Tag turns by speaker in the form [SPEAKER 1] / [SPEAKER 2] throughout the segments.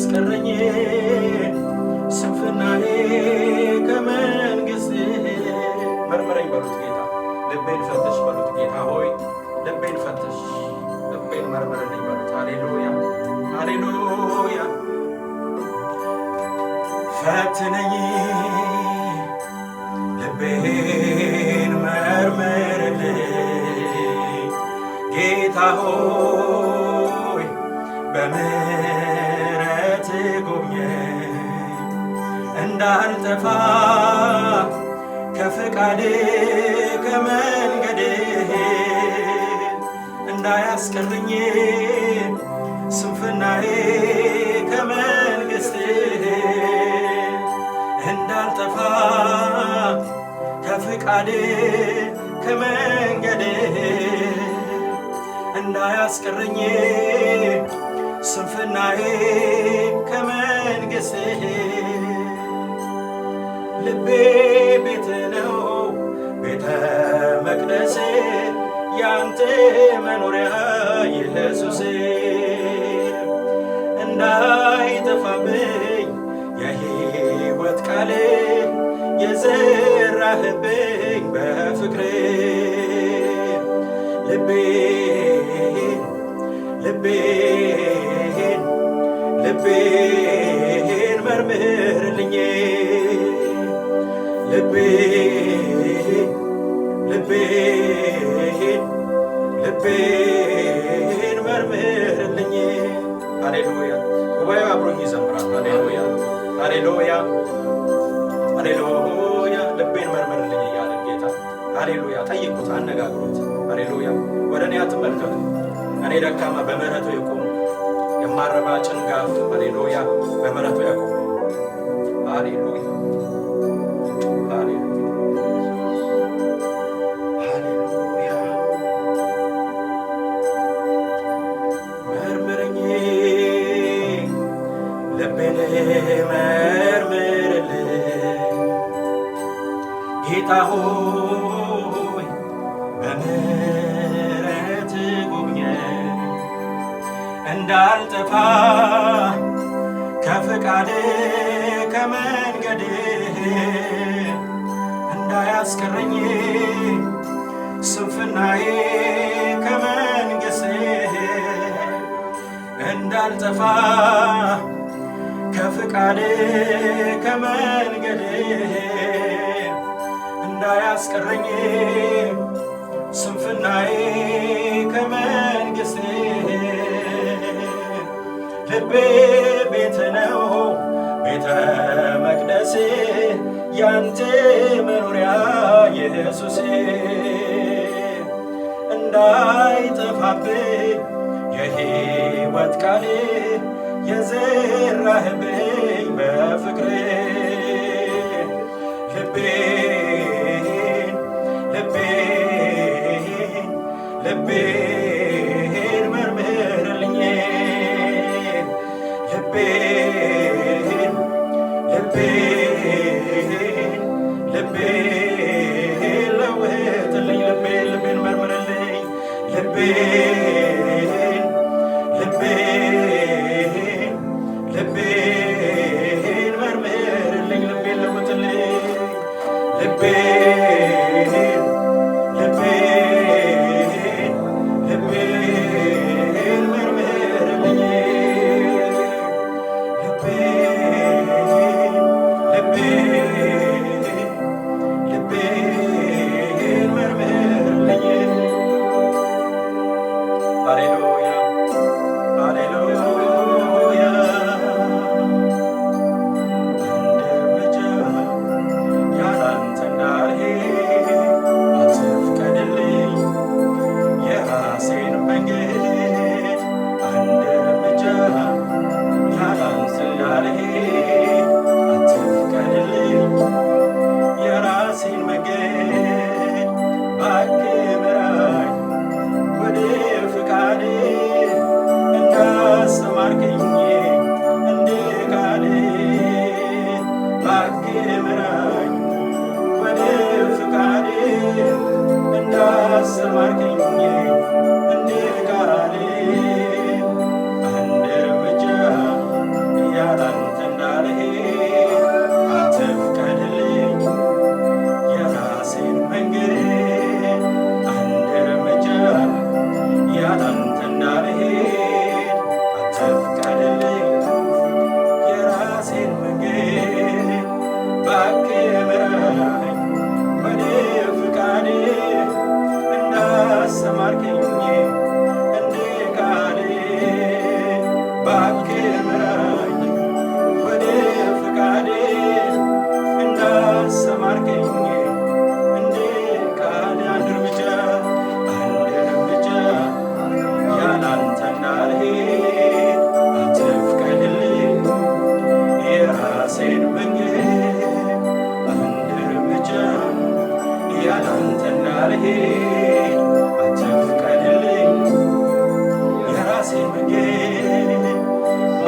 [SPEAKER 1] አስቀረኝ ስንፍናዬ ከመንግሥት መርምረኝ በሉት ጌታ ልቤን ፈተሽ በሉት ጌታ ሆይ ልቤን ፈትሽ ልቤን መርምረኝ በሉት ሃሌሉያ ሃሌሉያ ፈትነኝ ልቤን መርምርልኝ ጌታ ሆይ በምን እንዳልጠፋ ከፈቃዴ ከመንገዴ እንዳያስቀርኝ ስንፍናዬ ከመንግሥቴ እንዳልጠፋ ከፈቃዴ ከመንገዴ እንዳያስቀረኝ ስንፍናዬ ከመንግሥቴ ልቤን መርምርልኝ ልቤ ልቤን ልቤን መርምርልኝ። ሃሌሉያ ጉባኤው አብሮኝ ይዘምራል። ሃሌሉያ ሃሌሉያ ሃሌሉያ ልቤን መርምርልኝ እያለ ጌታ ሃሌሉያ። ጠይቁት፣ አነጋግሩት። ሃሌሉያ ወደ እኔ አትመልከቱ፣ እኔ ደካማ በምህረቱ የቆ በማረባ ጭንጋፍ ሃሌሉያ በምሕረቱ ያቆመ ሃሌሉያ Oh እንዳልጠፋ ከፍቃድ ከመንገድ እንዳያስቀረኝ ስንፍናዬ ከመንገስ እንዳልጠፋ ከፍቃድ ከመንገድ እንዳያስቀረኝ ስንፍናዬ ከመ ልቤ ቤት ነው ቤተ መቅደሴ ያንተ መኖሪያ ኢየሱሴ እንዳይጠፋብኝ የሕይወት ቃሌ የዘራህብኝ በፍቅሬ ልቤ Hep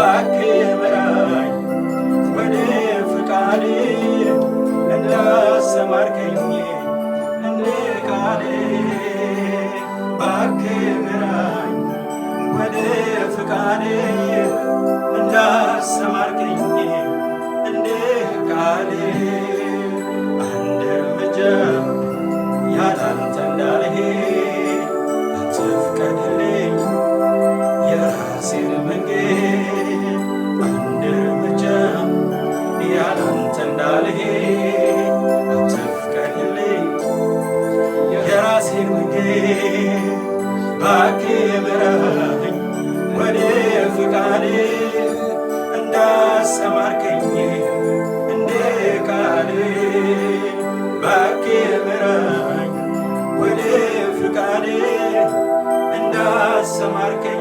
[SPEAKER 1] እባክህ ምራኝ ወደ ፍቃድ እንዳሰማርከኝ እንደ ቃል እባክህ ምራኝ ወደ ፍቃድ እንዳሰማ አሰማርከኝ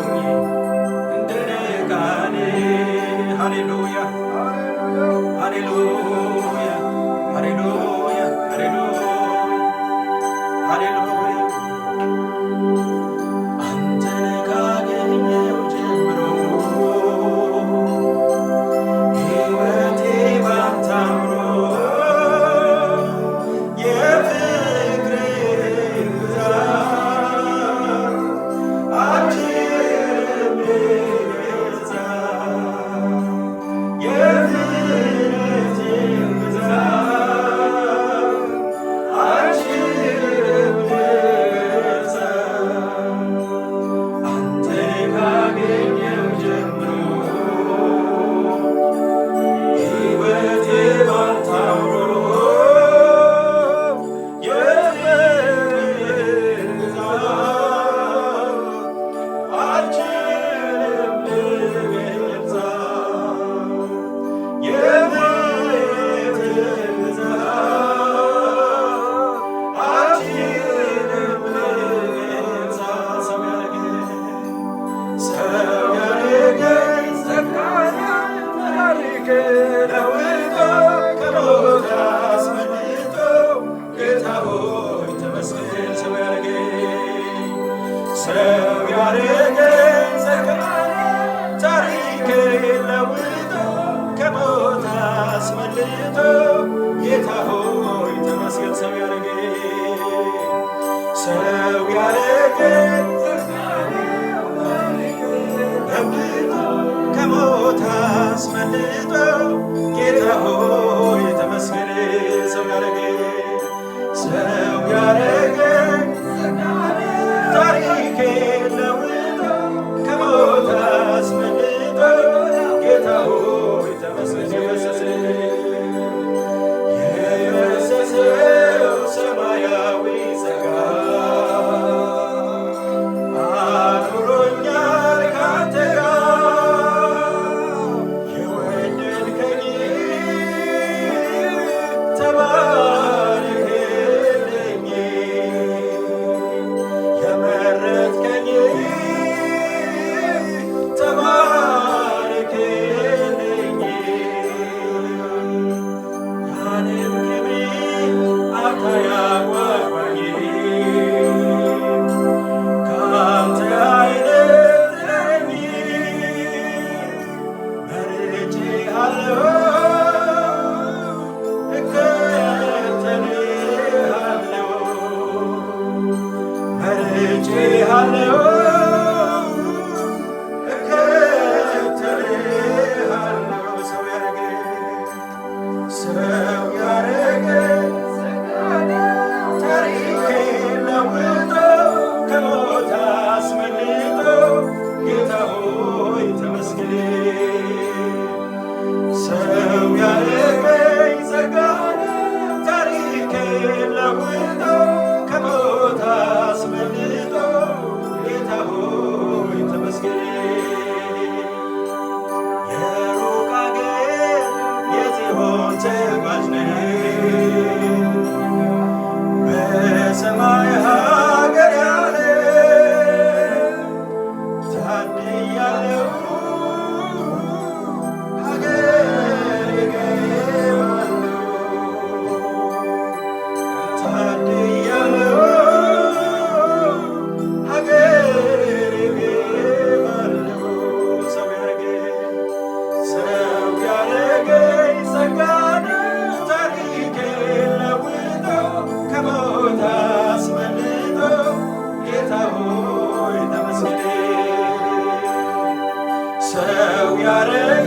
[SPEAKER 1] ሰው ያረ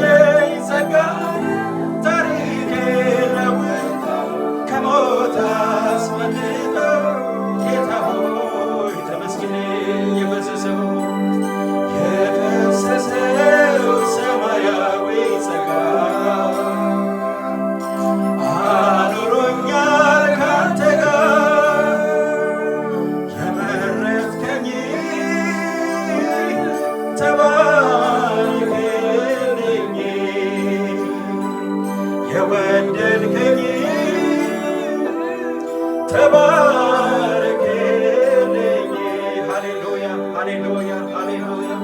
[SPEAKER 1] Hallelujah. Hallelujah.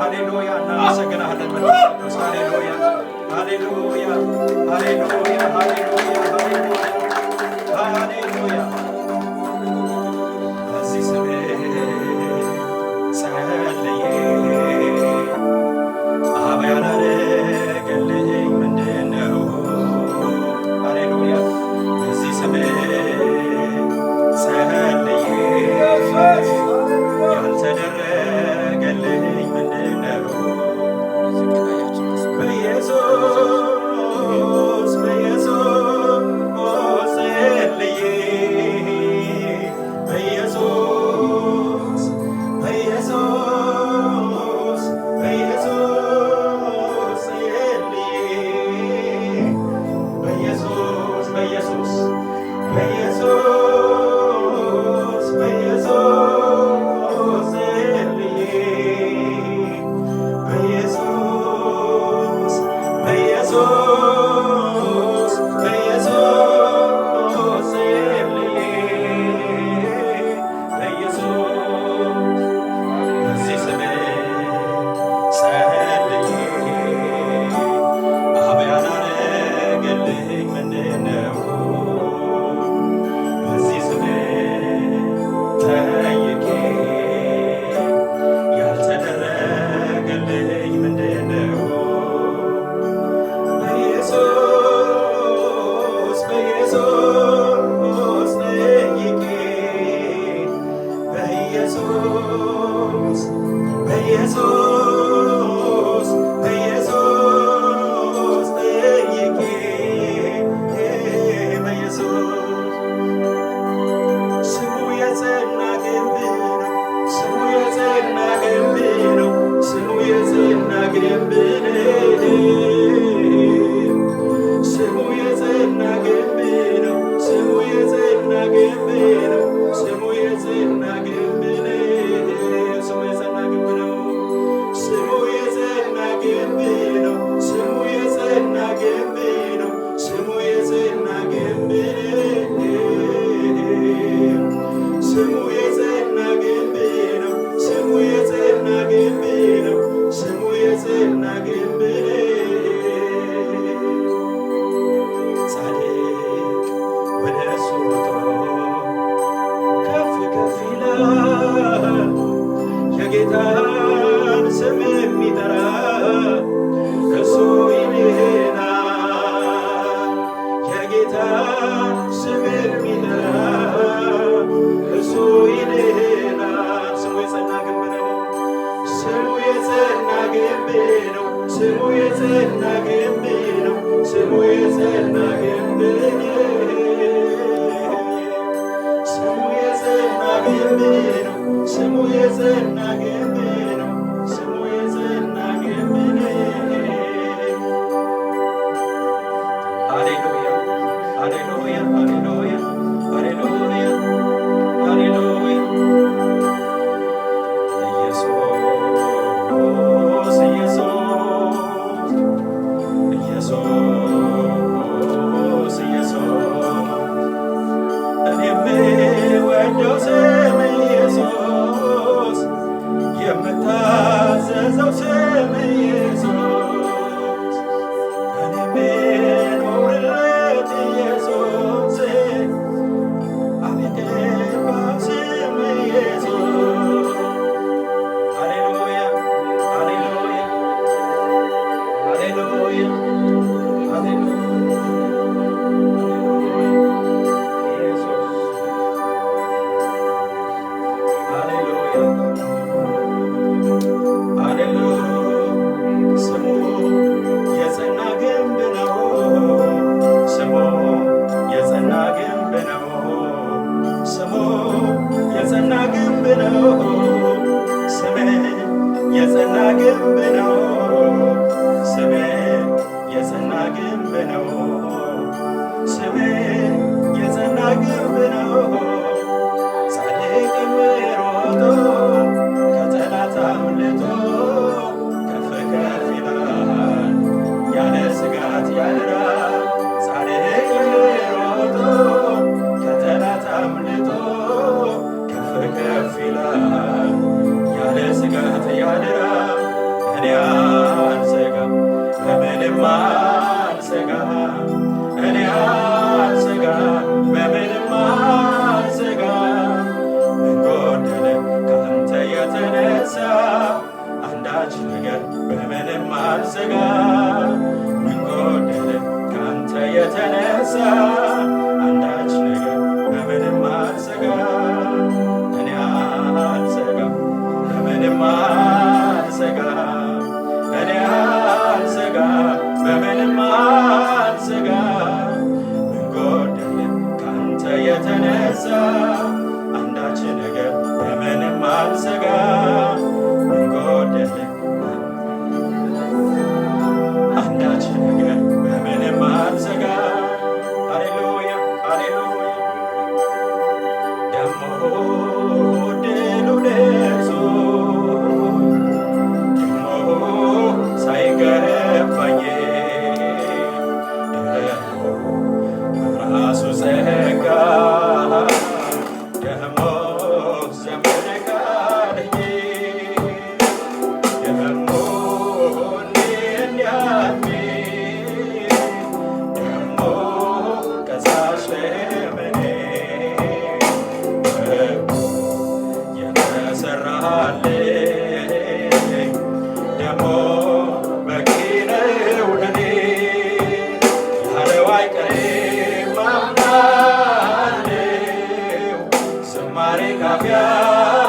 [SPEAKER 1] Hallelujah. እናመሰግናለን መስ ሃሌሉያ ሃሌሉያ ሃሌሉያ ሃሌሉያ ሃሌሉያ ስምህ የጸና ግንብ ነው። ስምህ የጸና ግንብ ነው። ስምህ ያለ ስጋት ያድራል። ከፍ ይላል ያለ ስጋት ያለ እኔ አልሰጋም ከምንም አልሰጋም እኔ አልሰጋም Aleluia.